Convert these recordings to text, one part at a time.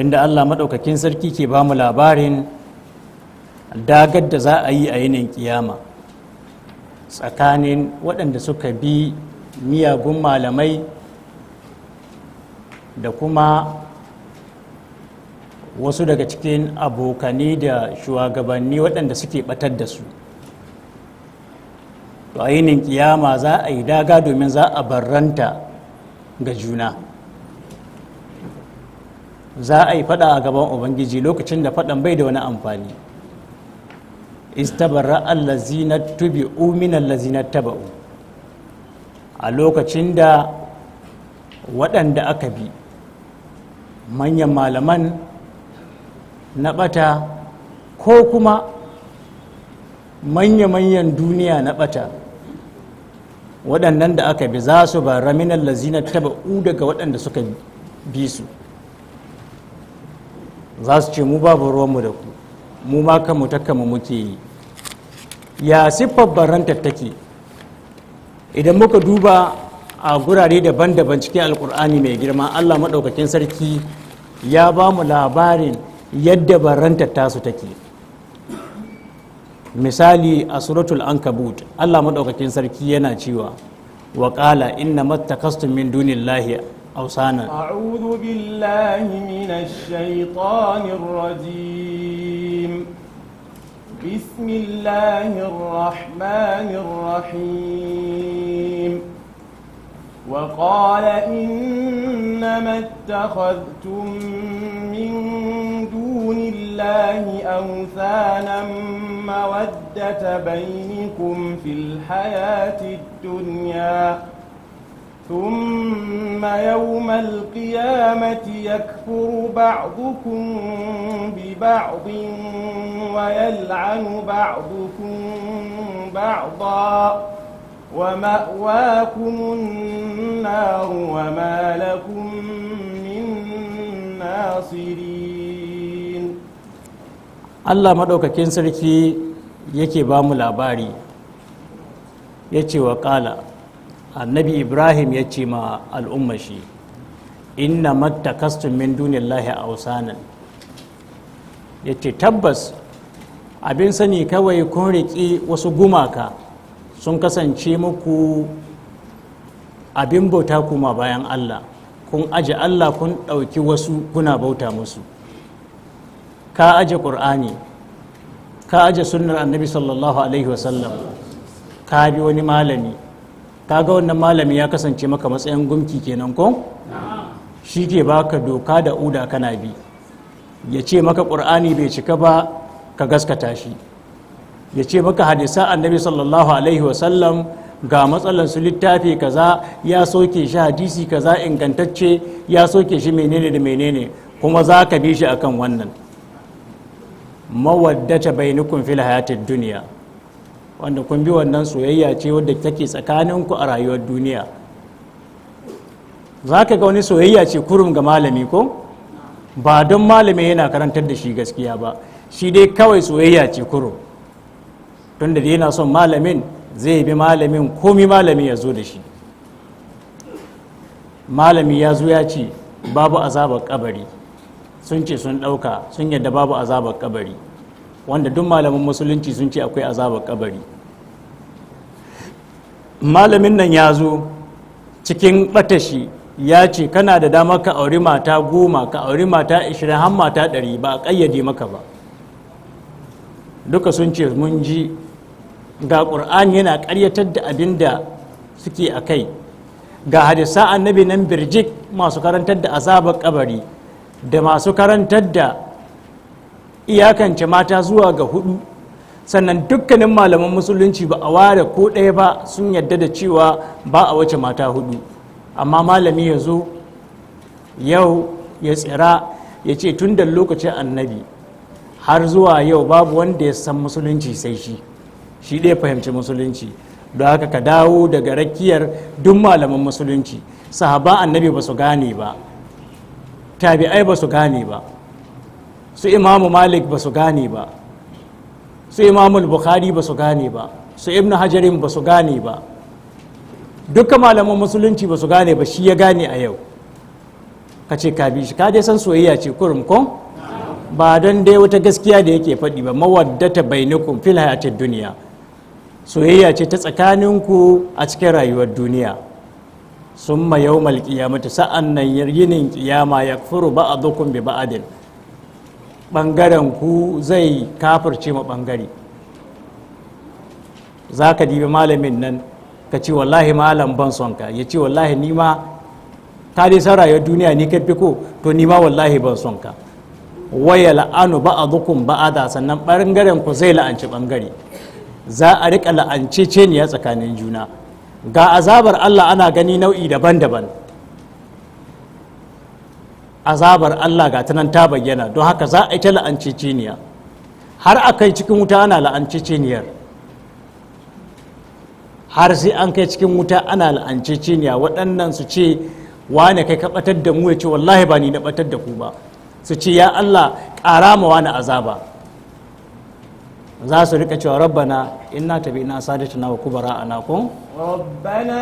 inda allah maɗaukakin sarki ke ba mu labarin dagar da za a yi a yinin kiyama tsakanin waɗanda suka bi miyagun malamai da kuma wasu daga cikin abokanai da shugabanni waɗanda suke ɓatar da su to a yinin kiyama za a yi daga domin za a barranta ga juna za a yi fada a gaban ubangiji lokacin da fadan bai da wani amfani istabara tubi umin min na taba'u a lokacin da waɗanda aka bi manyan malaman na ɓata ko kuma manya-manyan duniya na ɓata waɗannan da aka bi za su ba allazi na taba'u daga waɗanda suka bi su za su ce mu babu ruwanmu da ku mu ma kanmu takkanmu muke yi ya siffar baranta take idan muka duba a gurare daban-daban cikin alkur'ani mai girma allah maɗaukakin sarki ya ba mu labarin yadda baranta tasu take misali a suratul ankabut allah maɗaukakin sarki yana cewa waƙala inna mattakastun min dunillahi أوصانا أعوذ بالله من الشيطان الرجيم بسم الله الرحمن الرحيم وقال إنما اتخذتم من دون الله أوثانا مودة بينكم في الحياة الدنيا ثم يوم القيامة يكفر بعضكم ببعض ويلعن بعضكم بعضا ومأواكم النار وما لكم من ناصرين الله مدوكاكين سركي يكي بامو لاباري يكي وقال annabi ibrahim ya ce ma al'ummashi shi inna mattakastun min a ausanan ya ce tabbas abin sani kawai kun riƙi wasu gumaka sun kasance muku abin bauta kuma bayan allah kun aje allah kun ɗauki wasu kuna bauta musu ka aje ƙur'ani ka aje sunnar annabi sallallahu alaihi wasallam ka bi wani malami kaga wannan malami ya kasance maka matsayin gumki kenan ko shi ke baka doka da uda kana bi ya ce maka ƙur'ani bai cika ba ka gaskata shi ya ce maka hadisa annabi sallallahu alaihi wasallam ga matsalar su littafi kaza ya soke shi hadisi kaza ingantacce ya soke shi menene da menene kuma za ka bi shi akan wannan mawaddata bainukun fil hayatid duniya wanda kun bi wannan soyayya ce wadda take tsakanin ku a rayuwar duniya za ka ga wani soyayya ce kurum ga malami ko ba don malami yana karantar da shi gaskiya ba shi dai kawai soyayya ce kurum don da yana son malamin zai bi malamin komi malami ya zo da shi malami ya zo ya ce babu azabar kabari sun ce sun ɗauka sun yadda babu azabar kabari wanda duk malamin musulunci sun ce akwai azabar kabari malamin nan ya zo cikin batashi ya ce kana da dama ka auri mata goma ka auri mata ishirin har mata ɗari ba a ƙayyade maka ba duka sun ce mun ji ga ƙur'ani yana ƙaryatar da abin da suke a kai ga hadisa annabi nan birjik masu karantar da azabar kabari da masu karantar da iyakance mata zuwa ga hudu sannan dukkanin malaman musulunci ba a ware ko ɗaya ba sun yadda da cewa ba a wace mata hudu amma malami ya zo yau ya tsira ya ce tun da lokacin annabi har zuwa yau babu wanda ya san musulunci sai shi shi ɗaya fahimci musulunci don haka ka dawo daga rakiyar duk malaman musulunci sahaba annabi ba su gane ba tabi'ai ba su gane ba su imamu malik ba su gane ba su imamu bukhari ba su gane ba su ibnu hajarin ba su gane ba duka malaman musulunci ba su gane ba shi ya gane a yau ka ce ka bi shi ka dai san soyayya ce kurum ba don dai wata gaskiya da yake faɗi ba mawaddata bainakum fil hayatid duniya soyayya ce ta tsakaninku a cikin rayuwar duniya summa yawmal qiyamati sa'an nan yinin qiyama yakfuru ba'dukum bi ba'din ɓangaren ku zai kafirce ma ɓangare za ka dibi malamin nan ka ce wallahi malam ban son ka ya ce wallahi ni ma ka dai san rayuwar duniya ni ka ko to ni wallahi ban son ka waya la'anu ba a zukun ba a da sannan ɓangaren ku zai la'anci ɓangare za a riƙa la'ance ceniya tsakanin juna ga azabar allah ana gani nau'i daban-daban azabar Allah ga tanan ta bayyana don haka za a yi ta la'anci ciniya har a kai cikin wuta ana la'anci ciniyar har sai an kai cikin wuta ana la'anci ciniya waɗannan su ce ne kai ka da mu ya ce wallahi ba ni na batar da ku ba su ce ya Allah ƙara ma wani azaba za su rika cewa rabbana inna tabi ina sadata wa kubara ana kun rabbana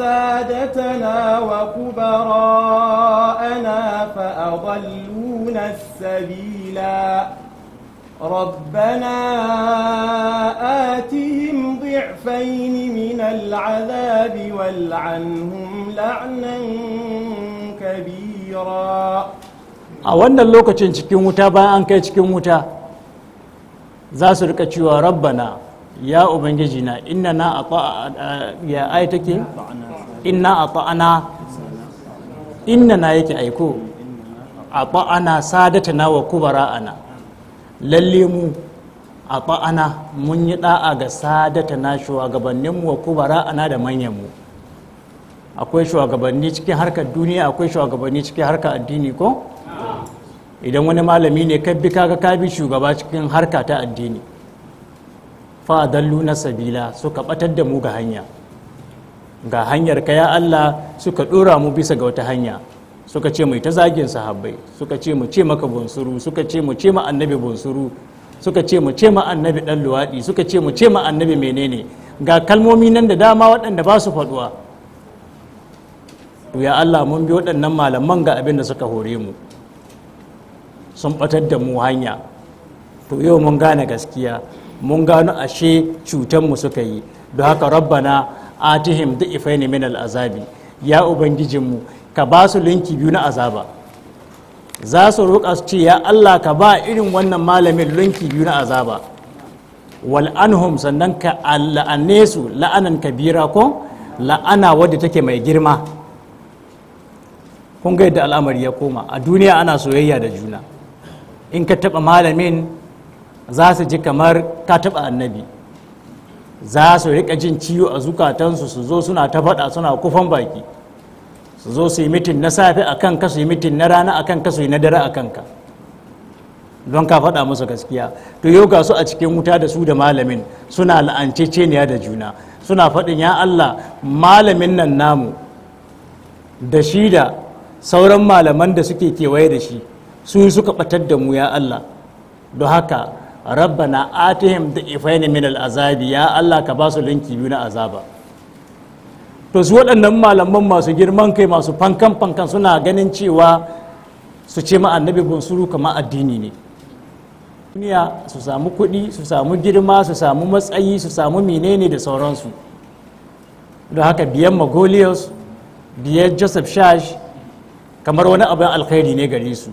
سادتنا وكبراءنا فأضلونا السبيلا ربنا آتهم ضعفين من العذاب والعنهم لعنا كبيرا a wannan lokacin cikin wuta bayan an kai cikin wuta za su rika cewa rabbana ya ubangiji na inna na a ya ai take inna a ta'ana inna na yake aiko a ta'ana sadata na wa kubara ana lalle mu a ta'ana mun yi da'a ga sadata na shugabanninmu wa kubara ana da manyan mu. akwai shugabanni cikin harkar duniya akwai shugabanni cikin harkar addini ko idan wani malami ne ka bi kaga ka bi shugaba cikin harka ta addini fadallu na sabila suka batar da mu ga hanya ga hanyar ka ya Allah suka dora mu bisa ga wata hanya suka ce mu ta zagin sahabbai suka ce mu ce maka bunsuru suka ce mu ce ma annabi bunsuru suka ce mu ce ma annabi dan luwadi suka ce mu ce ma annabi menene ga kalmomi nan da dama waɗanda ba su faduwa ya Allah mun bi waɗannan malaman ga abin da suka hore mu sun batar da mu hanya to yau mun gane gaskiya mun gano ashe cutanmu suka yi don haka rabbana atihim da ifaini min azabi ya ubangijinmu ka ba su linki biyu na azaba za su roƙa su ce ya allah ka ba irin wannan malamin linki biyu na azaba wal anhum sannan ka la'ane su la'anan kabira ko la'ana wadda take mai girma kun ga yadda al'amari ya koma a duniya ana soyayya da juna in ka taɓa malamin za su ji kamar ta taɓa annabi za su riƙa jin ciwo a zukatansu su zo suna ta faɗa suna kufan baki su zo su yi mitin na safe a kanka su yi mitin na rana a kanka su yi na dare a kanka don ka faɗa musu gaskiya to yau ga su a cikin wuta da su da malamin suna la'ance ceniya da juna suna faɗin ya allah malamin nan namu da shi da sauran malaman da suke kewaye da shi su suka ɓatar da mu ya allah don haka rabbana atihim da ifaini min al'azabi ya Allah ka ba su linki biyu na azaba to su waɗannan malaman masu girman kai masu fankan fankan suna ganin cewa su ce ma annabi suru kama addini ne duniya su samu kuɗi su samu girma su samu matsayi su samu menene da sauransu don haka biyan magolius biyan joseph shash kamar wani abin alkhairi ne gare su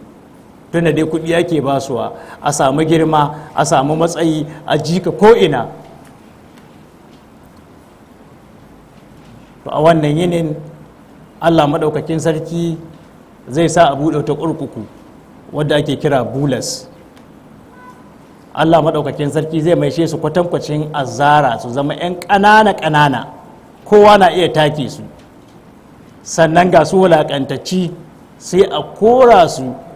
tunda dai kuɗi yake basuwa a samu girma a samu matsayi a jika ko'ina to a wannan yinin allah maɗaukakin sarki zai sa a buɗe ta kurkuku wadda ake kira bulas allah maɗaukakin sarki zai maishe su kwatankwacin azara su zama 'yan ƙanana-ƙanana kowa na iya take su sannan ga su wulaƙantacci sai a kora su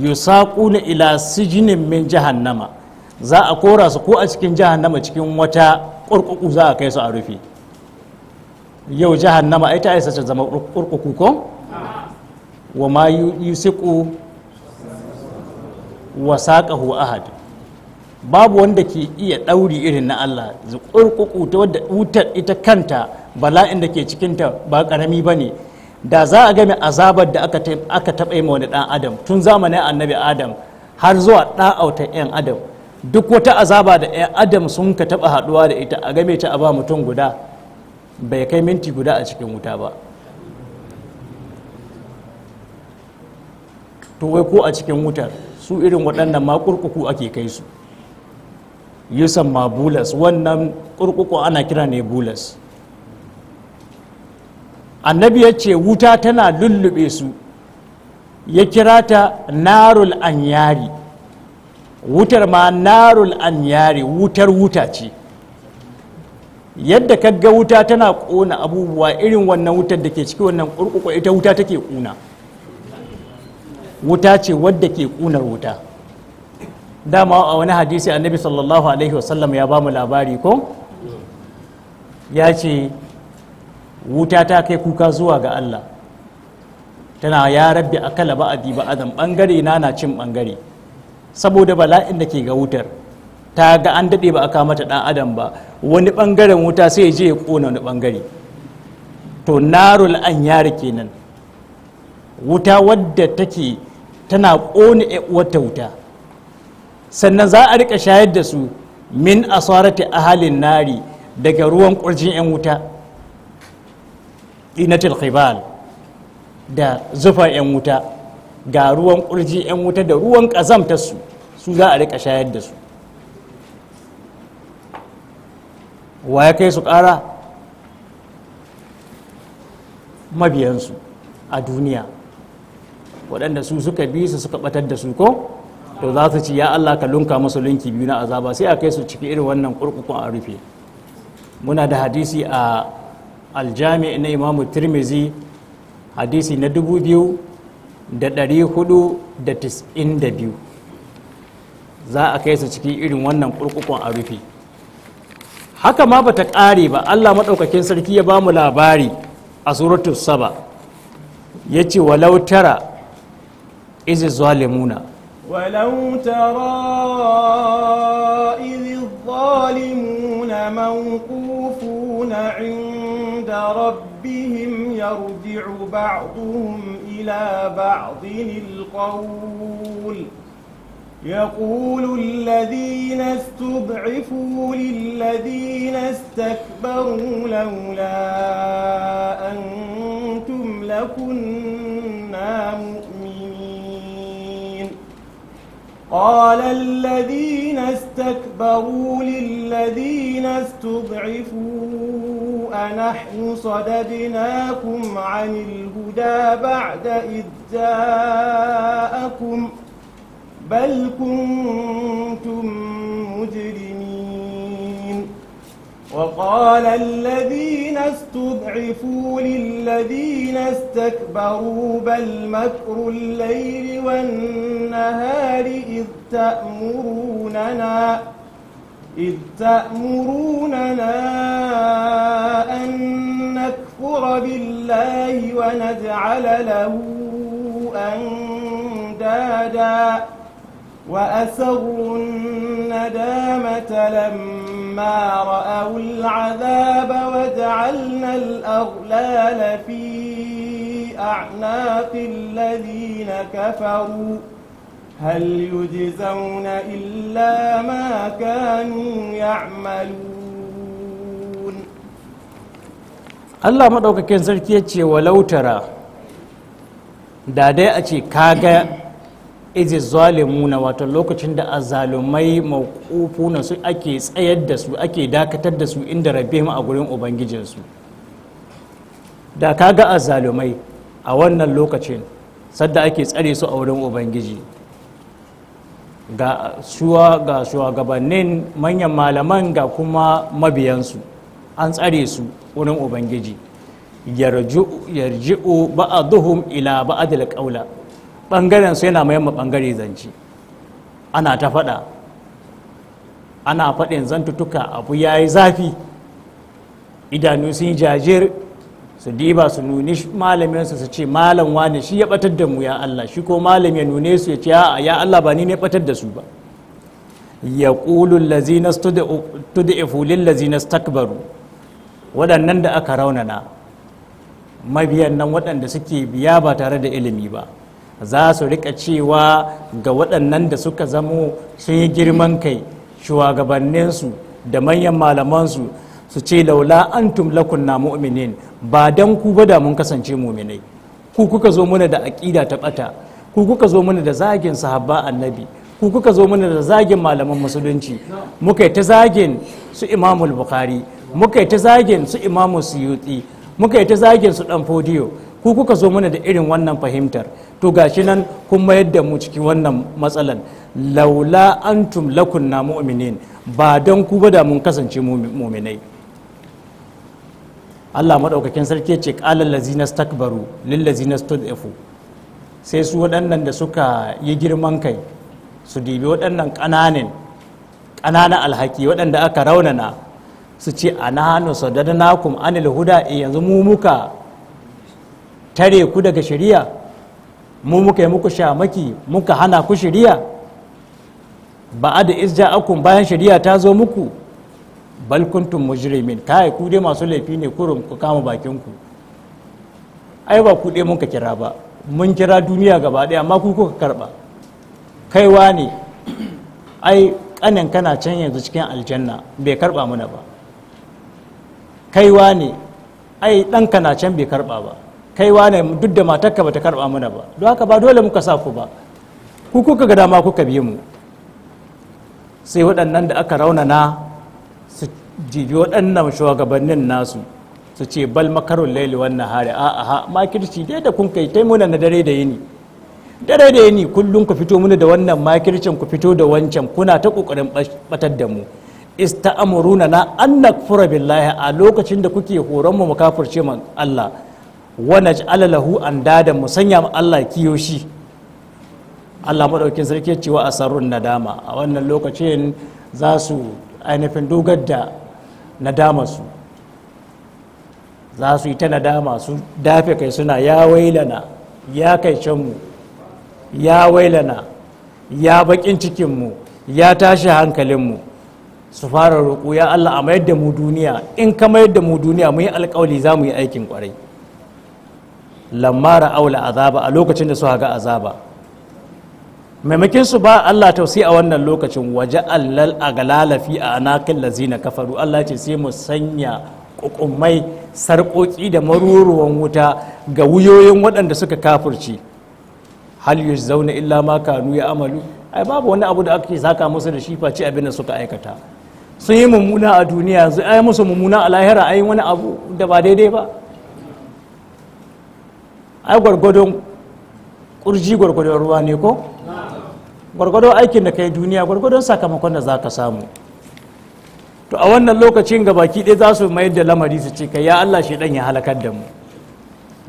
yusaquna ila sijinin min jahannama za a kora su ko a cikin jahannama cikin wata kurkuku za a kai su a rufe yau jahannama ai ta aisa ta zama kurkuku ko wa ma yusiqu wa saqahu ahad babu wanda ke iya dauri irin na Allah zuƙurƙuƙu ta wadda wutar ita kanta bala'in da ke cikin ta ba ƙarami bane da za a game azabar da aka taɓa yi wani ɗan adam tun zamanin annabi adam har zuwa ɗa'auta 'yan adam duk wata azaba da 'yan adam sun ka taɓa haɗuwa da ita a game ta a ba mutum guda bai kai minti guda a cikin wuta ba to wai ko a cikin wutar su irin waɗannan ma kurkuku ake kai su yusan ma bulas wannan kurkuku ana kira ne bulas annabi ya ce wuta tana lullube su ya kira ta narul yari wutar ma narul yari wutar wuta ce yadda kaga wuta tana kona abubuwa irin wannan wutar da ke ciki wannan kurkuku ita wuta take kuna wuta ce wadda ke kunar wuta dama a wani hadisi annabi sallallahu alaihi wasallam ya ba mu labari ko ya ce wuta ta kai kuka zuwa ga Allah tana ya rabbi kala ba a ba adam bangare na na cin bangare saboda bala'in da ke ga wutar ta ga an daɗe ba aka mata ɗan adam ba wani bangaren wuta sai je ya kona wani bangare to narul an yare kenan wuta wadda take tana kona wata wuta sannan za a rika shayar da su min asarati ahalin nari daga ruwan kurjin 'yan wuta inatil khibal da zufa 'yan wuta ga ruwan kurji 'yan wuta da ruwan ƙazamtarsu su za a rika shayar da su wa ya kai su ƙara mabiyansu a duniya waɗanda su suka bi su suka batar da su ko to za su ci ya Allah ka lunka musu lunki biyu na azaba sai a kai su ciki irin wannan kurkukun a rufe muna da hadisi a aljami na imamu tirmizi hadisi na dubu biyu da da da hudu biyu za a kai su cikin irin wannan kurkukun a rufe haka ma bata ƙare ba allah maɗaukakin sarki ya ba mu labari a suratu saba ya ce walau tara izi zalimuna walau tara izi ربهم يرجع بعضهم إلى بعض القول يقول الذين استضعفوا للذين استكبروا لولا أنتم لكنا مؤمنين قال الذين استكبروا للذين استضعفوا أنحن صددناكم عن الهدى بعد إذ جاءكم بل كنتم مجرمين وقال الذين استضعفوا للذين استكبروا بل مكر الليل والنهار إذ تأمروننا إذ تأمروننا أن نكفر بالله ونجعل له أندادا وأسروا الندامة لما رأوا العذاب وجعلنا الأغلال في أعناق الذين كفروا هل يجزون إلا ما كانوا يعملون الله مدوك كان سركي يتشي ولو ترى da dai a ce kaga izi zalimuna wato lokacin da zalumai mawqufuna su ake tsayar da su ake dakatar da su inda rabbihim a gurin ubangijinsu da kaga azalumai a wannan lokacin sadda ake tsare su a wurin ubangiji ga shugabannin manyan malaman ga kuma mabiyansu an tsare su wurin ubangiji yarji'u ba'aduhum ila ba'adil qaula ɓangaren su yana mai ɓangare zance. ana ta faɗa ana faɗin zantutuka abu yi zafi idanu sun jajir su diba su nuni malamin su ce malam wane shi ya batar da mu ya Allah shi ko malam ya nune su ya ce ya Allah ba ni ne batar da su ba ya qulu allazina tud'ifu lil ladzina takbaru waɗannan da aka raunana mabiyan nan waɗanda suke biya ba tare da ilimi ba za su rika cewa ga waɗannan da suka zamo sun yi girman kai shugabanninsu da manyan malamansu su ce laula an antum lakunna mu'minin ba dan ku ba da mun kasance mu'minai ku kuka zo mana da aƙida ta ɓata ku kuka zo mana da zagin sahabba annabi ku kuka zo mana da zagin malaman musulunci muka yi ta zagin su imamul bukhari muka yi ta zagin su imamu suyuti muka yi ta zagin su dan fodiyo ku kuka zo mana da irin wannan fahimtar to gashi nan kun mayar da mu cikin wannan matsalan laula antum lakunna mu'minin ba don ku ba da mun kasance mu'minai Allah maɗaukakin sarki ya ce ƙalar takbaru stakbaru lillazina stud'ifu sai su waɗannan da suka yi girman kai su dibi waɗannan ƙananan ƙananan alhaki waɗanda aka raunana su ce a nahanu sadadnakum anil huda eh, yanzu mu muka tare ku daga shari'a mu muka yi muku shamaki muka hana ku shari'a ba da isja'akum bayan shari'a ta zo muku bal kuntum mujrimin kai ku dai masu laifi ne kurum ku kama bakin ku ai ba ku dai mun ka kira ba mun kira duniya gaba daya amma ku kuka karba kaiwa ne ai kanin kana can yanzu cikin aljanna bai karba mana ba kaiwa ne ai dan kana can bai karba ba kaiwa ne duk da matarka bata karba mana ba don haka ba dole muka sa ku ba ku kuka ga dama kuka biye mu sai waɗannan da aka raunana jibi waɗannan shugabannin nasu su ce bal makarun laili wannan hari a aha makirci dai da kun kai taimuna na dare da yini dare da yini kullum ku fito muni da wannan makircin ku fito da wancan kuna ta kokarin batar da mu ista'amuruna na an nakfura billahi a lokacin da kuke horon mu makafurce man Allah Wanaci alalahu lahu andada mu sanya mu Allah kiyoshi Allah madaukin sarki cewa asarun nadama a wannan lokacin za su ainihin dogar da su za su yi ta nadama su dafe kai suna ya wailana ya kai canmu ya wailana ya bakin cikinmu ya tashi hankalinmu su fara roƙo ya Allah a mayar da mu duniya in ka mayar da mu duniya mu yi alƙawali za mu yi aikin ƙwarai lamara aula azaba a lokacin da su haga azaba maimakin su ba Allah tausi a wannan lokacin waje allal a galalafi a anakin lazina kafaru Allah ce sai mu sanya kukumai sarƙoƙi da maruruwan wuta ga wuyoyin waɗanda suka kafurci hal zaune illa ma kanu ya amalu ai babu wani abu da ake zaka musu da shi face abin da suka aikata sun yi mummuna a duniya yanzu ai musu mummuna a lahira ai wani abu da ba daidai ba ai gwargwadon kurji gwargwadon ruwa ne ko gwargwadon aikin da kai duniya gwargwadon sakamakon da za ka samu to a wannan lokacin ga baki ɗaya za su mayar da lamari su ce ya allah shaidan ya halakar da mu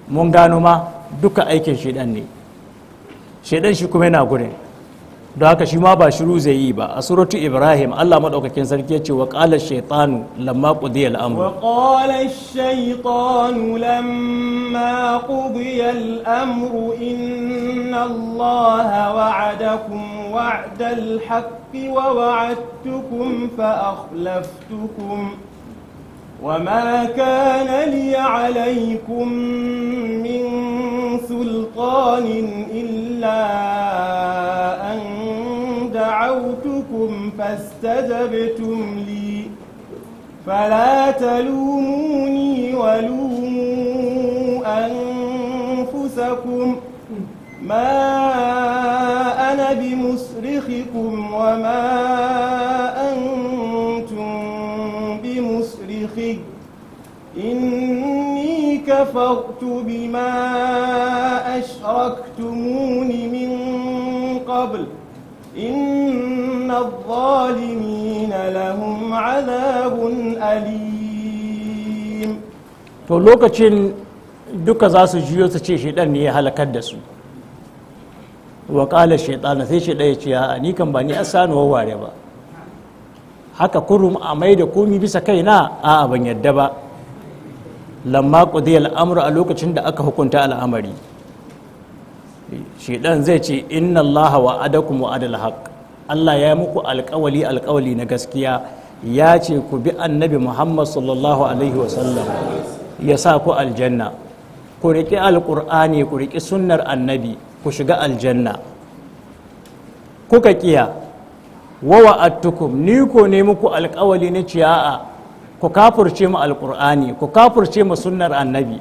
mun gano ma duka aikin shaidan ne shaidan shi kuma yana gurin don haka shi ma ba shiru zai yi ba a suratu ibrahim allah maɗaukakin sarki ya ce wa ƙalar shaitanu lamma ƙudiya al'amur wa ƙalar shaitanu lamma ƙudiya al'amur inna allaha wa'adakum وعد الحق ووعدتكم فأخلفتكم وما كان لي عليكم من سلطان إلا أن دعوتكم فاستجبتم لي فلا تلوموني ولوموا أنفسكم ما أنا بمصرخكم وما أنتم بمصرخي إني كفرت بما أشركتمون من قبل إن الظالمين لهم عذاب أليم to lokacin duka za su juyo su ce shaidan ne ya halakar da su wa ƙalar shaitana sai shaiɗa ya ce a ni kan ba ni sanuwa ware ba haka kurum a mai da komi bisa kai na a ban yadda ba lamma ƙudiyar al'amur a lokacin da aka hukunta al'amari shaiɗan zai ce inna Allah wa adakum wa adal haq allah ya muku alƙawali alƙawali na gaskiya ya ce ku bi annabi muhammad sallallahu alaihi wasallam ya sa ku aljanna ku riƙi alƙur'ani ku riƙi sunnar annabi ku shiga aljanna kuka kiya wa attukum ni ko ne muku alkawali na ciya'a ku kafurce mu alkur'ani ku kafurce mu sunnar annabi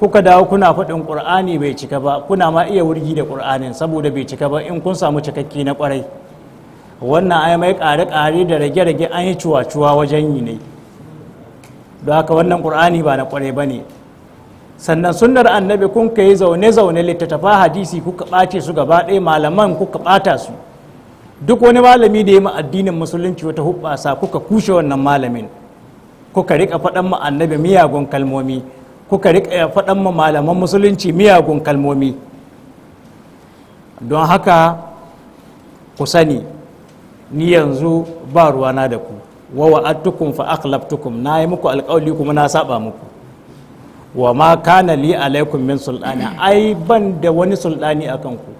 kuka dawo kuna faɗin ƙur'ani bai cika ba kuna ma iya wurgi da ƙur'anin saboda bai cika ba in kun samu cikakke na kwarai wannan ai mai ƙare-ƙare da rage-rage an yi cuwa-cuwa wajen yi ne don haka wannan ƙur'ani ba na kwarai ba ne sannan sunnar annabi kun ka yi zaune-zaune littattafa hadisi kuka ɓace su gaba ɗaya malaman kuka ɓata su duk wani malami da ya ma addinin musulunci wata hubbasa kuka kushe wannan malamin kuka riƙa faɗan ma annabi miyagun kalmomi kuka riƙa faɗan ma malaman musulunci miyagun kalmomi don haka ku sani ni yanzu ba ruwana da ku wa wa'adtukum fa na yi muku alƙawli kuma na saba muku wa ma kana li alaikum min sultani ai ban da wani sultani a kanku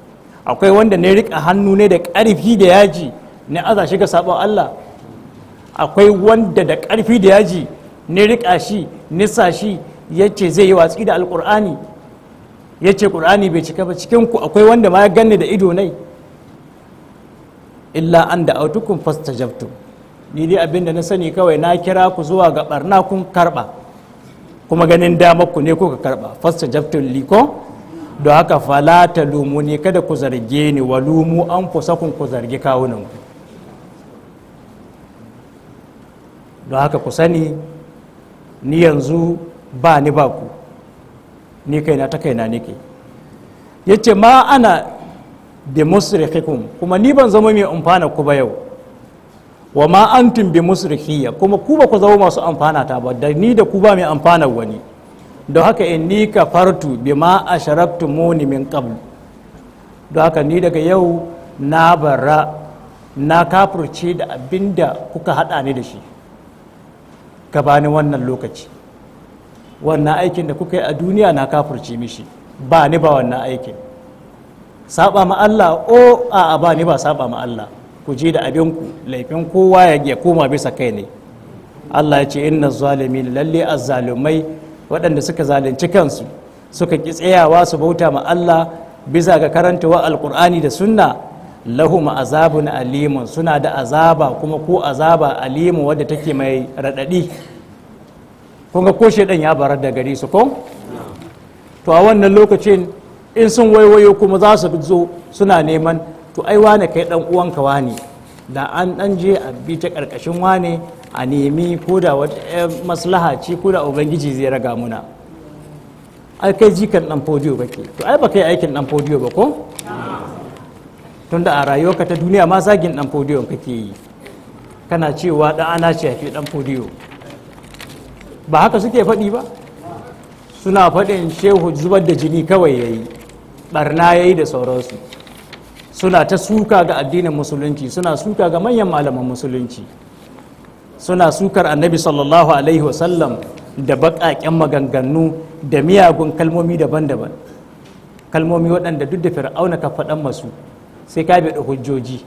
akwai wanda ne rika hannu ne da karfi da yaji ne aza shi ga sabon Allah akwai wanda da karfi da yaji ne rika shi nisa shi yace zai yi watsi da ya yace kur'ani bai cika ba cikin ku akwai wanda ma ya ganni da ido nai illa an da autukun fastajabtum ni dai abinda na sani kawai na kira ku zuwa ga barna kun karba kuma ganin damar ku ne kuka karba fasta jaftun liko don haka falata lumu ne kada ku zarge ni wa lumu an fusakun ku zargi kawunan ku don haka ku sani ni yanzu ba ni ba ku ni kaina ta kaina nake ya ce ma ana bi kuma ni ban zama mai umfana ku ba yau wa ma antum bi musrikhiya kuma ku ba ku zama masu amfana ta ba da ni da ku ba mai amfanar wani don haka in ni ka fartu ma a bima muni min qabl don haka ni daga yau na bara na kafurce da abinda kuka hada ni da shi ka bani wannan lokaci wannan aikin da kuka yi a duniya na kafurce mishi ba ni ba wannan aikin saba ma Allah o a ba ni ba saba ma Allah ku je da abinku laifin kowa ya koma bisa kai ne Allah ya ce inna zalimi lalle azzalumai waɗanda suka zalunci kansu suka ki tsayawa su bauta ma Allah bisa ga karantawa alkur'ani da sunna lahum azabun alimun suna da azaba kuma ko azaba alimu wadda take mai raɗaɗi kun ga ko shedan ya barar da gari su ko to a wannan lokacin in sun waiwayo kuma za su zo suna neman to ai wane kai dan uwanka wane da an dan je a bi ta karkashin wane a nemi ko da wata maslaha ce ko da ubangiji zai raga muna ai kai jikan dan fodiyo ke to ai ba kai aikin dan fodiyo ba ko tunda a rayuwarka ta duniya ma zagin dan fodiyon kake yi kana cewa da ana ce fi dan fodiyo ba haka suke faɗi ba suna faɗin shehu zubar da jini kawai yayi barna yayi da sauransu suna ta suka ga addinin musulunci suna suka ga manyan malaman musulunci suna sukar annabi sallallahu alaihi wasallam da baƙaƙen maganganu da miyagun kalmomi daban-daban kalmomi waɗanda duk da fir'auna ka faɗan masu sai ka bi da hujjoji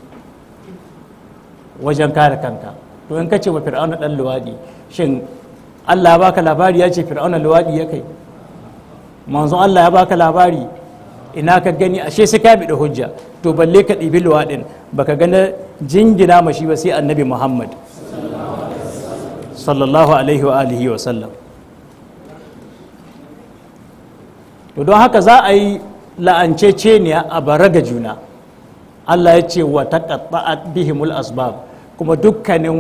wajen kare kanka to in ka ce wa fir'auna ɗan luwaɗi shin allah ya baka labari ya ce fir'auna luwaɗi ya kai manzon allah ya baka labari ina ka gani ashe sai ka bi da hujja to balle ka ɗibi luwaɗin baka gana jingina mashi ba sai annabi muhammad sallallahu alaihi wa alihi wa sallam to don haka za a yi la'ance ceniya a bara ga juna allah ya ce wa taqatta'at bihimul asbab kuma dukkanin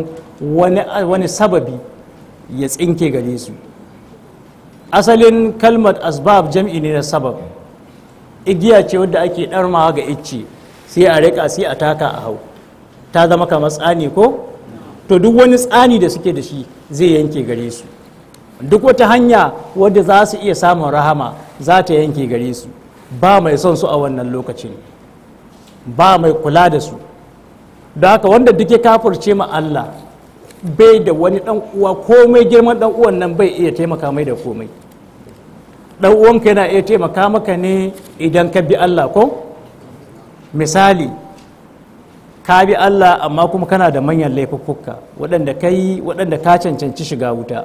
wani sababi ya tsinke gare su asalin kalmar asbab jam'i ne na sabab igiya ce wadda ake ɗarmawa ga icce sai a rika sai a taka a hau ta zama kamar tsani ko to duk wani tsani da suke da shi zai yanke gare su duk wata hanya wadda za su iya samun rahama za ta yanke gare su ba mai son su a wannan lokacin ba mai kula da su da haka wanda duk ya kafurce ma Allah bai da wani dan uwa komai girman dan uwan nan bai iya taimaka mai da komai dan uwanka yana iya taimaka maka ne idan ka bi Allah ko misali ka bi Allah amma kuma kana da manyan laifuffuka waɗanda ka yi waɗanda ka cancanci shiga wuta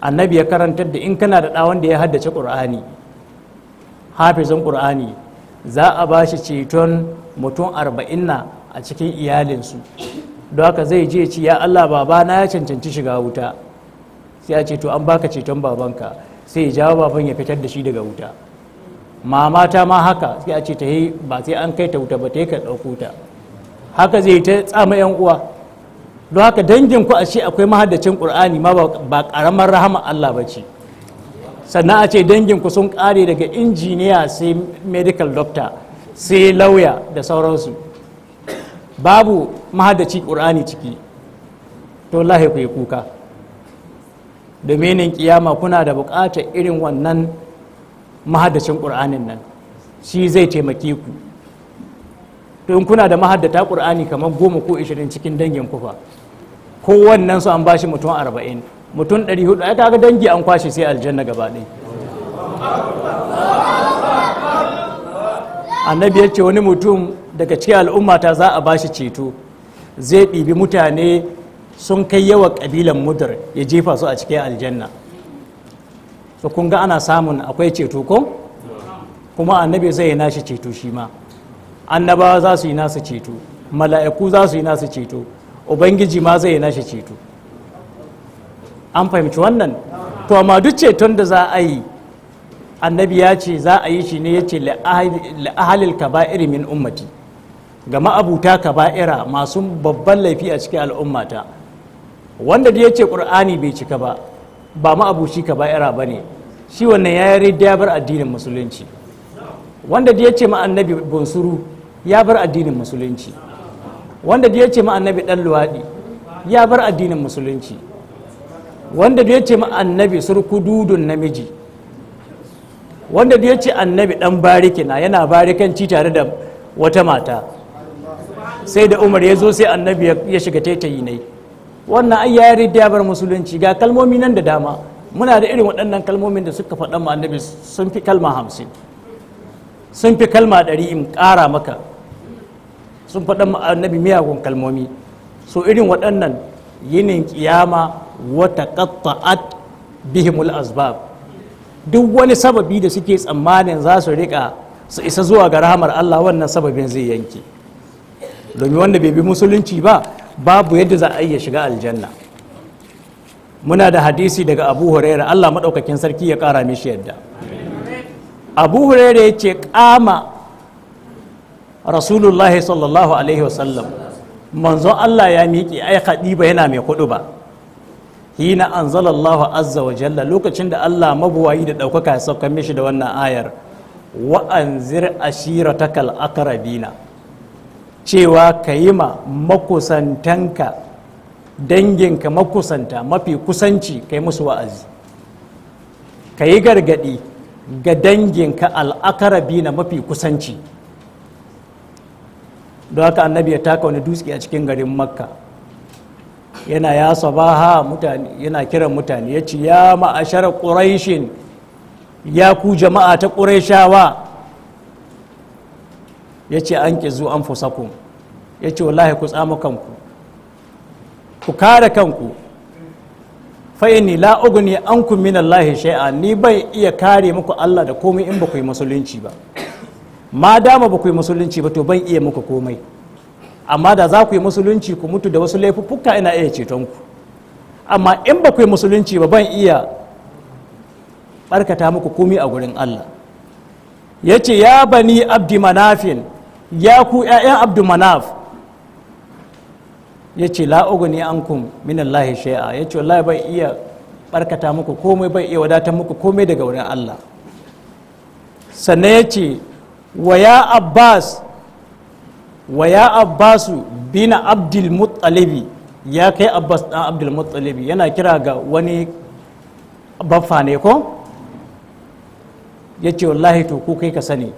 annabi ya karantar da in kana da ɗa wanda ya haddace ƙur'ani hafizan ƙur'ani za a ba shi ceton mutum arba'in na a cikin iyalinsu don haka zai je ci ya Allah babana ya cancanci shiga wuta sai a ceto an baka ceton babanka sai ya jawo baban ya fitar da shi daga wuta mama ta ma haka sai a ce ta yi ba sai an kai ta wuta ba ta yi ka ɗauko ta haka zai ta tsama yan uwa don haka dangin ku a ce akwai mahaddacin qur'ani ma ba ƙaramar rahama Allah ba ce sannan a ce dangin ku sun ƙare daga injiniya sai medical doctor sai lauya da sauransu babu mahaddacin qur'ani ciki to lahi ku yi kuka dominin kiyama kuna da bukatar irin wannan mahaddacin ƙur'anin nan shi zai taimake ku in kuna da mahaddata ƙur'ani kamar goma ko ishirin cikin dangin kufa ko wannan su an bashi mutum arba'in mutum ɗari hudu ya kaga dangi an kwashe sai aljanna gaba annabi ya ce wani mutum daga cikin al'ummata za a bashi ceto zai ɗibi mutane sun kai yawa kabilan mudar ya jefa su a cikin aljanna so kun ga ana samun akwai ceto ko kuma annabi zai yi nashi ceto shi ma annabawa za su yi nasu ceto mala'iku za su yi nasu ceto ubangiji ma zai yi nashi ceto an fahimci wannan to amma duk ceton da za a yi annabi ya ce za a yi shi ne ya ce la'ahalil kaba'iri min ummati ga ma'abuta kaba'ira masu babban laifi a cikin al'ummata wanda da ya ce ƙur'ani bai cika ba ba ma'abushi ka ba'ira ba ne shi wannan ya yi ya bar addinin musulunci wanda da ya ce ma'annabi bunsuru ya bar addinin musulunci wanda da ya ce ma'annabi ɗan luwaɗi ya bar addinin musulunci wanda da ya ce ma'annabi dudun namiji wanda da ya ce annabi ɗan barikina yana barikanci tare da wata mata sai da umar ya zo sai annabi ya shiga taitayi ne wannan ai ya yarda ya bar musulunci ga kalmomi nan da dama muna da irin waɗannan kalmomin da suka faɗa ma annabi sun fi kalma hamsin sun fi kalma ɗari in ƙara maka sun faɗa ma annabi miyagun kalmomi so irin waɗannan yinin kiyama wata qatta'at bihimul asbab duk wani sababi da suke tsammanin za su rika su isa zuwa ga rahamar Allah wannan sababin zai yanke domin wanda bai bi musulunci ba babu yadda za a iya shiga aljanna muna da hadisi daga abu huraira allah maɗaukakin sarki ya ƙara mishi yadda abu huraira ya ce ƙama rasulullahi sallallahu alaihi wasallam manzon allah ya miƙe ai ba yana mai kuɗu ba hina anzalallahu azza wa jalla lokacin da allah mabuwayi da ɗaukaka ya saukan mishi da wannan ayar wa'anzir ashiratakal akarabina cewa ka yi ma makusantanka danginka makusanta mafi kusanci ka yi musu wa'azi ka yi gargadi ga danginka al'akarabi na mafi kusanci don haka annabi ya taka wani dutse a cikin garin makka yana ya sabaha mutane yana kiran mutane ya ce ya ma'ashar ƙuraishin ya ku jama'a ta ƙuraishawa ya ce an ƙizu an fusakun ya ce wallahi ku tsamo kanku ku kare kanku fa'ini la an ku min Allah shay'a ni bai iya kare muku Allah da komai in ba ku yi musulunci ba ma dama ba ku yi musulunci ba to ban iya muku komai amma da za ku yi musulunci ku mutu da wasu laifuffuka ina iya ceton ku amma in ba ku yi musulunci ba ban iya barkata muku komai a gurin Allah ya ce ya bani abdi manafin ya ku 'ya'yan abdu manaf ya ce la'uguni an kun minallahi shai'a ya ce wallahi bai iya barkata muku komai bai iya wadatar muku komai daga wurin Allah sannan ya ce wa ya abbas wa ya abbasu bina abdul muttalibi ya kai abbas dan abdul muttalibi yana kira ga wani baffa ne ko ya ce wallahi to ku kai ka sani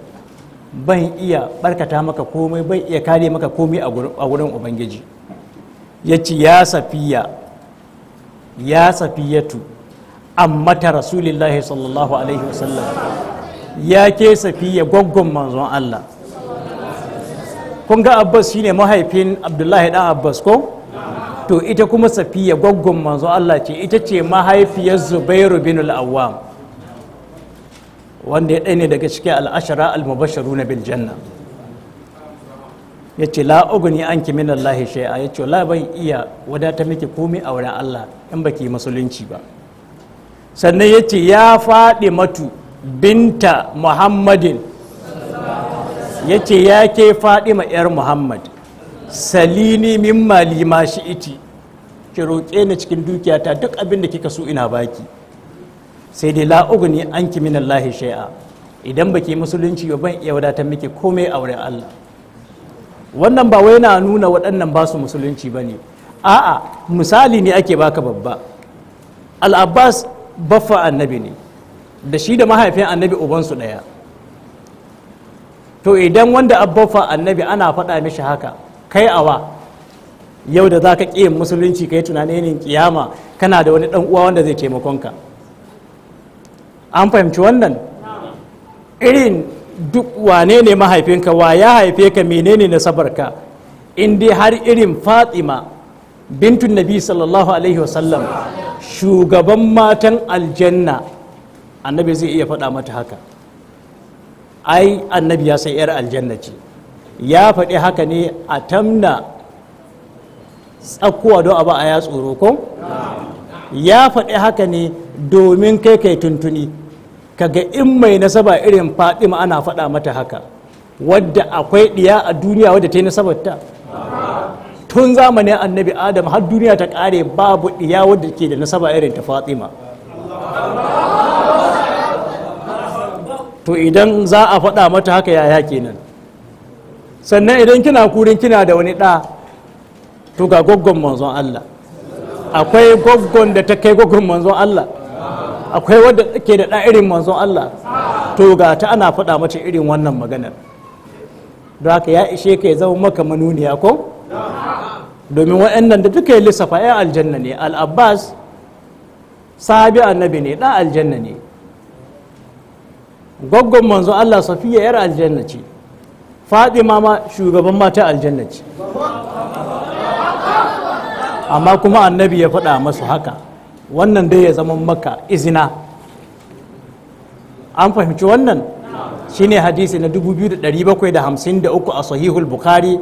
ban iya barkata maka komai bai iya kare maka komai a wurin ubangiji ya ci ya safiya ya safiyatu amma ta rasulillahi sallallahu alaihi wasallam ya ke safiya gwaggon manzon Allah kun ga abbas shine mahaifin abdullahi dan abbas ko to ita kuma safiya gwaggon manzon Allah ce ita ce mahaifiyar zubairu bin al-awwam wanda ya ɗaya ne daga cikin al'ashara al-mubasharu na biljanna ya ce la an ki min Allah shay'a ya ce la ban iya wadata miki komai a wurin Allah in ba ki musulunci ba sannan ya ce ya faɗi matu binta Muhammadin ya ce ya ke faɗi ma 'yar Muhammad salini min mali ma shi iti ki roƙe ni cikin dukiyata duk abin da kika so ina baki sai dai la an ki min Allah shay'a idan ki musulunci ba ban iya wadatar miki komai a wurin Allah wannan ba wai na nuna waɗannan ba su musulunci ba ne a'a misali ne ake baka babba al'abbas baffa annabi ne da shi da mahaifin annabi ubansu ɗaya to idan wanda abbaffa annabi ana faɗa mishi haka kai awa yau da za ka ƙi musulunci ka yi tunanin kiyama kana da wani ɗan uwa wanda zai taimakonka. an fahimci wannan irin duk wane ne mahaifinka wa ya haife ka menene nasabarka in dai har irin fatima bintun nabi sallallahu alaihi wasallam shugaban matan aljanna annabi zai iya faɗa mata haka ai annabi ya sai 'yar aljanna ce ya faɗi haka ne a tamna tsakkuwa don abu a ya tsoro ko ya faɗi haka ne domin kai kai tuntuni kaga in mai nasaba irin fatima ana faɗa mata haka wadda akwai ɗiya a duniya wadda ta yi nasabar ta tun zamanin annabi adam har duniya ta ƙare babu ɗiya wadda ke da nasaba irin ta fatima to idan za a faɗa mata haka yaya kenan sannan idan kina kurin kina da wani ɗa to ga gwaggon manzon allah akwai gwaggon da ta kai gwaggon manzon allah akwai wadda ke da irin manzon Allah to ga ta ana faɗa mace irin wannan maganar don haka ya ishe ka ya zama maka manuniya ko domin waɗannan da duka lissafa ya aljanna ne al'abbas annabi ne ɗan aljanna ne gwaggon manzon Allah safiya yar aljanna ce fadima ma shugaban mata aljanna ce amma kuma annabi ya faɗa masu haka wannan dai ya zama maka izina an fahimci wannan shine hadisi na 2753 a sahihul bukhari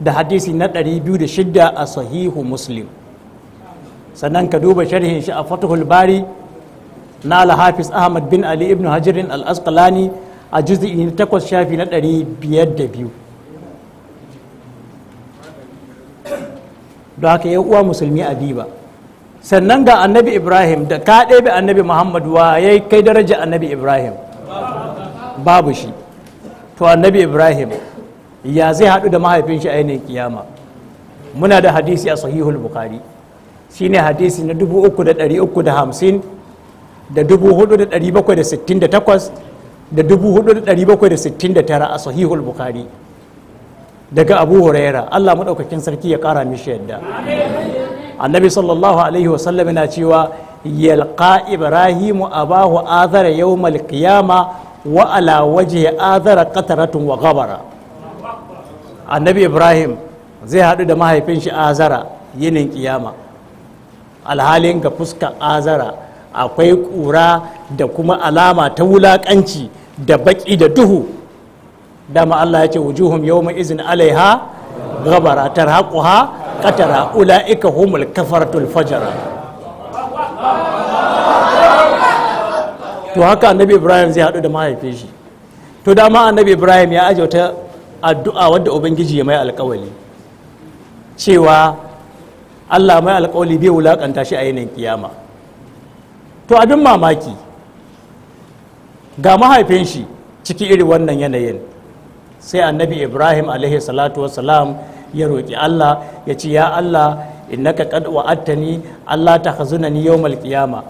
da hadisi na 206 a sahihu muslim sannan ka duba sharhin shi a fatahul bari na alhafiz ahmad bin ali ibn hajirin al-asqalani a juz'i na takwas shafi na 502 don haka uwa musulmi a biba sannan ga annabi ibrahim da ka ɗebe annabi muhammadu wa ya kai daraja annabi ibrahim babu shi to annabi ibrahim ya zai haɗu da mahaifin shi ainihin kiyama muna da hadisi a sahihul bukari shi ne hadisi na 3,350 da 4,768 da 4,769 a sahihul bukari daga abu huraira allah maɗaukakin sarki ya ƙara mishi yadda annabi sallallahu alaihi wasallam yana cewa yalqa ibrahimu abahu azara yawmal qiyama wa ala wajhi azara qataratun wa ghabara annabi ibrahim zai haɗu da mahaifin shi azara yinin kiyama alhalin ga fuskar azara akwai ƙura da kuma alama ta wulaƙanci da baki da duhu dama allah ya ce wujuhum yawma izin alaiha gabara tarhaquha katara ula'ika humul kafaratul fajara to haka annabi ibrahim zai hadu da mahaifin shi to dama annabi ibrahim ya aje wata addu'a wadda ubangiji ya mai alkawali cewa allah mai alkawali bai wulakanta shi a yanayin kiyama to abin mamaki ga mahaifin shi ciki iri wannan yanayin sai annabi ibrahim alaihi salatu wassalam ya roƙi Allah ya ce ya Allah innaka qad wa'attani Allah ta ni yawmal qiyama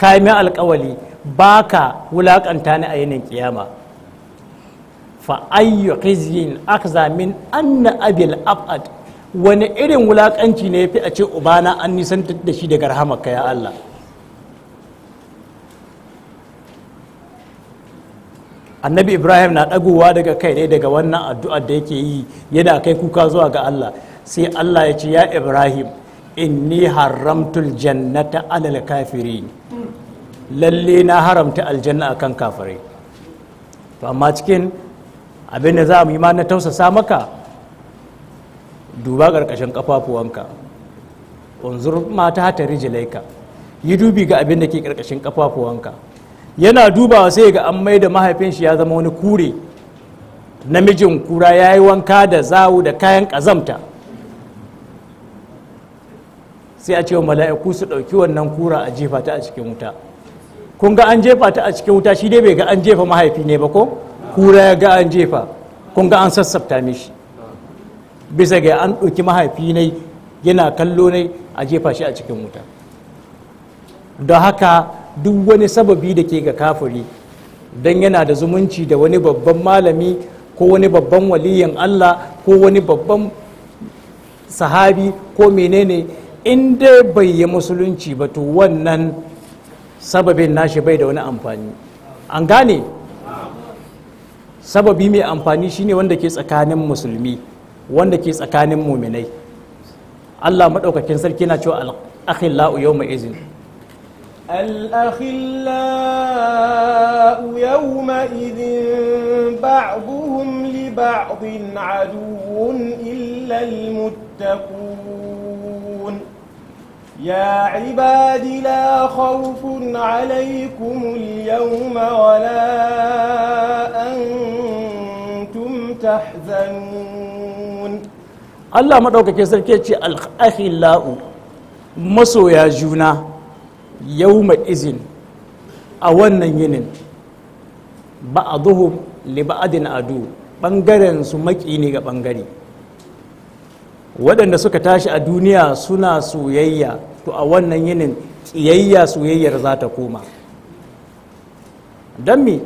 kai mai alƙawali baka wulaƙanta ni a yinin kiyama fa ayyu khizyin akza min anna abil abad wani irin wulakanci ne ya fi a ce ubana an nisan da shi daga rahamaka ya Allah annabi ibrahim na ɗagowa daga kai ne daga wannan addu'ar da yake yi yana kai kuka zuwa ga allah sai allah ya ce ya ibrahim in inni haramtul jannata alal kafiri lalle na haramta aljanna akan kafirai to amma cikin abin da za mu yi ma na tausasa maka duba karkashin kafafuwanka unzur mata ta rijilaika yi dubi ga abin da ke ƙarƙashin kafafuwanka yana dubawa sai ga an mai da mahaifin shi ya zama wani kure namijin kura ya yi wanka da zawo da kayan kazamta sai a ce mala'iku su ɗauki wannan kura a jefa ta a cikin wuta kun ga an jefa ta a cikin wuta shi dai bai ga an jefa mahaifi ne ba ko kura ya ga an jefa kun ga an sassafta mishi bisa ga an ɗauki mahaifi ne yana kallo ne a jefa shi a cikin wuta don haka duk wani sababi da ke ga kafiri don yana da zumunci da wani babban malami ko wani babban waliyan Allah ko wani babban sahabi ko menene in dai bai yi musulunci ba to wannan sababin nashi bai da wani amfani an gane sababi mai amfani shine wanda ke tsakanin musulmi wanda ke tsakanin muminai Allah maɗaukakin sarki na cewa akhillau yawma izini. الأخلاء يومئذ بعضهم لبعض عدو إلا المتقون يا عباد لا خوف عليكم اليوم ولا أنتم تحزنون الله ما دوكا كيسر كيتشي الأخلاء مسويا جونا Yau yawma izin a wannan yinin ba'aduhum li adu bangaren su maki ne ga ɓangare. waɗanda suka tashi a duniya suna soyayya to a wannan yinin ƙiyayya soyayyar za ta koma don me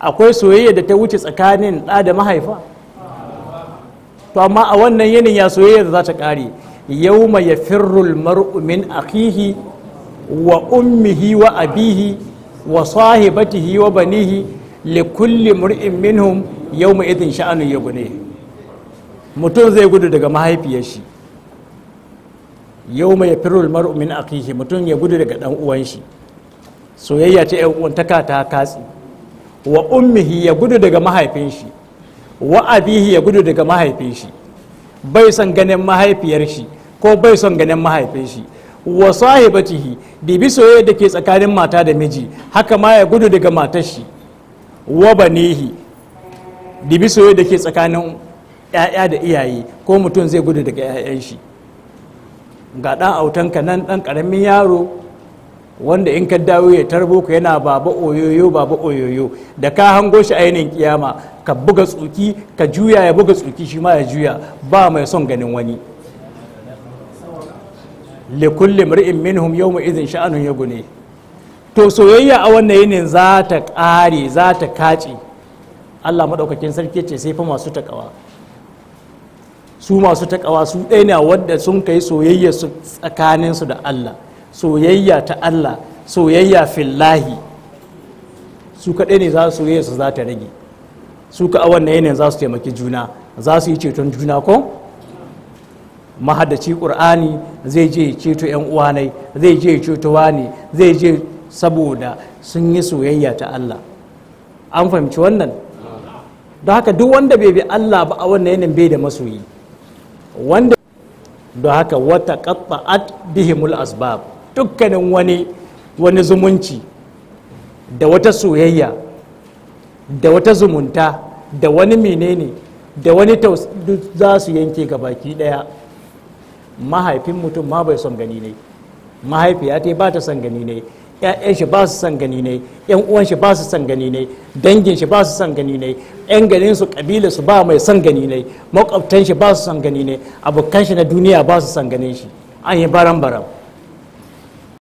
akwai soyayya da ta wuce tsakanin ɗa da mahaifa to amma a wannan yinin ya soyayya za ta ƙare yau mai firul firrul mar'umin akihi wa ummihi wa abihi wa sahibatihi wa banihi li kulli mur'in minhum yawma idin sha'anun yabune mutum zai gudu daga mahaifiyar shi yawma yafirul mar'u min akihi mutum ya gudu daga dan uwan shi soyayya ta yan uwantaka ta katsi wa ummihi ya gudu daga mahaifin shi wa abihi ya gudu daga mahaifin shi bai son ganin mahaifiyar shi ko bai son ganin mahaifin shi wa sahibatihi bibi soyayya da ke tsakanin mata da miji haka ma ya gudu daga matar shi wa banihi bibi soyayya da ke tsakanin ‘ya'ya da iyaye ko mutum zai gudu daga ‘ya'yan shi ga ɗan ka nan ɗan karamin yaro wanda in ka dawo ya tarbo ka yana baba oyoyo baba oyoyo da ka hango shi ainihin kiyama ka buga tsuki ka juya ya buga tsuki shi ma ya juya ba mai son ganin wani kulli mar'in minhum yawma idhin sha'anun yaghni to soyayya a wannan yinin za ta ƙare za ta kaci Allah madaukakin sarki ce sai fa masu takawa su masu takawa su ɗaya ne wadda sun kai soyayya su tsakanin su da Allah soyayya ta Allah soyayya fillahi su kaɗai ne za su soyayya su za ta rage su ka a wannan yanayin za su taimaki juna za su yi ceton juna ko mahadaci ƙur'ani zai je ceto 'yan uwanai zai je ceto wani zai je saboda sun yi soyayya ta Allah an fahimci wannan don haka duk wanda bai bi Allah ba a wannan yanayin bai da masoyi wanda don haka wata a bihimul asbab dukkanin wani wani zumunci da wata soyayya da wata zumunta da wani menene da wani za su yanke ga baki daya mahaifin mutum ma bai son gani ne mahaifiya ta ba ta son gani ne ƴaƴan shi ba su son gani ne ƴan uwan shi ba su son gani ne dangin shi ba su son gani ne ƴan garin su kabila su ba mai son gani ne makwabtan shi ba su son gani ne abokan shi na duniya ba su son ganin shi an yi baran baran